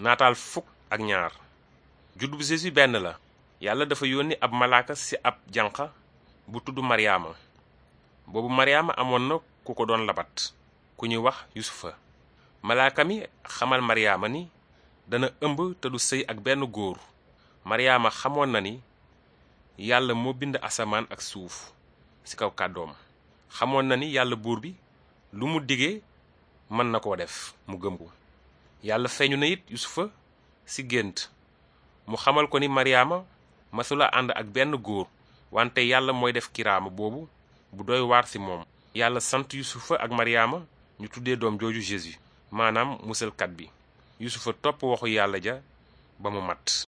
naataal fukk ak ñaar juddub Jésus benn la yàlla dafa yónni ab malaaka ci ab janq bu tudd maryaama boobu maryaama amoon na ku ko doon labat ku ñuy wax yusufa malaaka mi xamal maryaama ni dana ëmb te du sëy ak benn góor maryaama xamoon na ni yàlla moo bind asamaan ak suuf ci kaw kàddoom xamoon na ni yàlla buur bi lu mu digee mën na koo def mu gëm ko yàlla feeñu na it yusufa si gént mu xamal ko ni mariama masula ànd ak benn góor wante yàlla mooy def kiraama boobu bu doy waar si moom yàlla sant yusufa ak mariama ñu tuddee doom jooju jésus maanaam musalkat bi yusufa topp waxu yàlla ja ba mu mat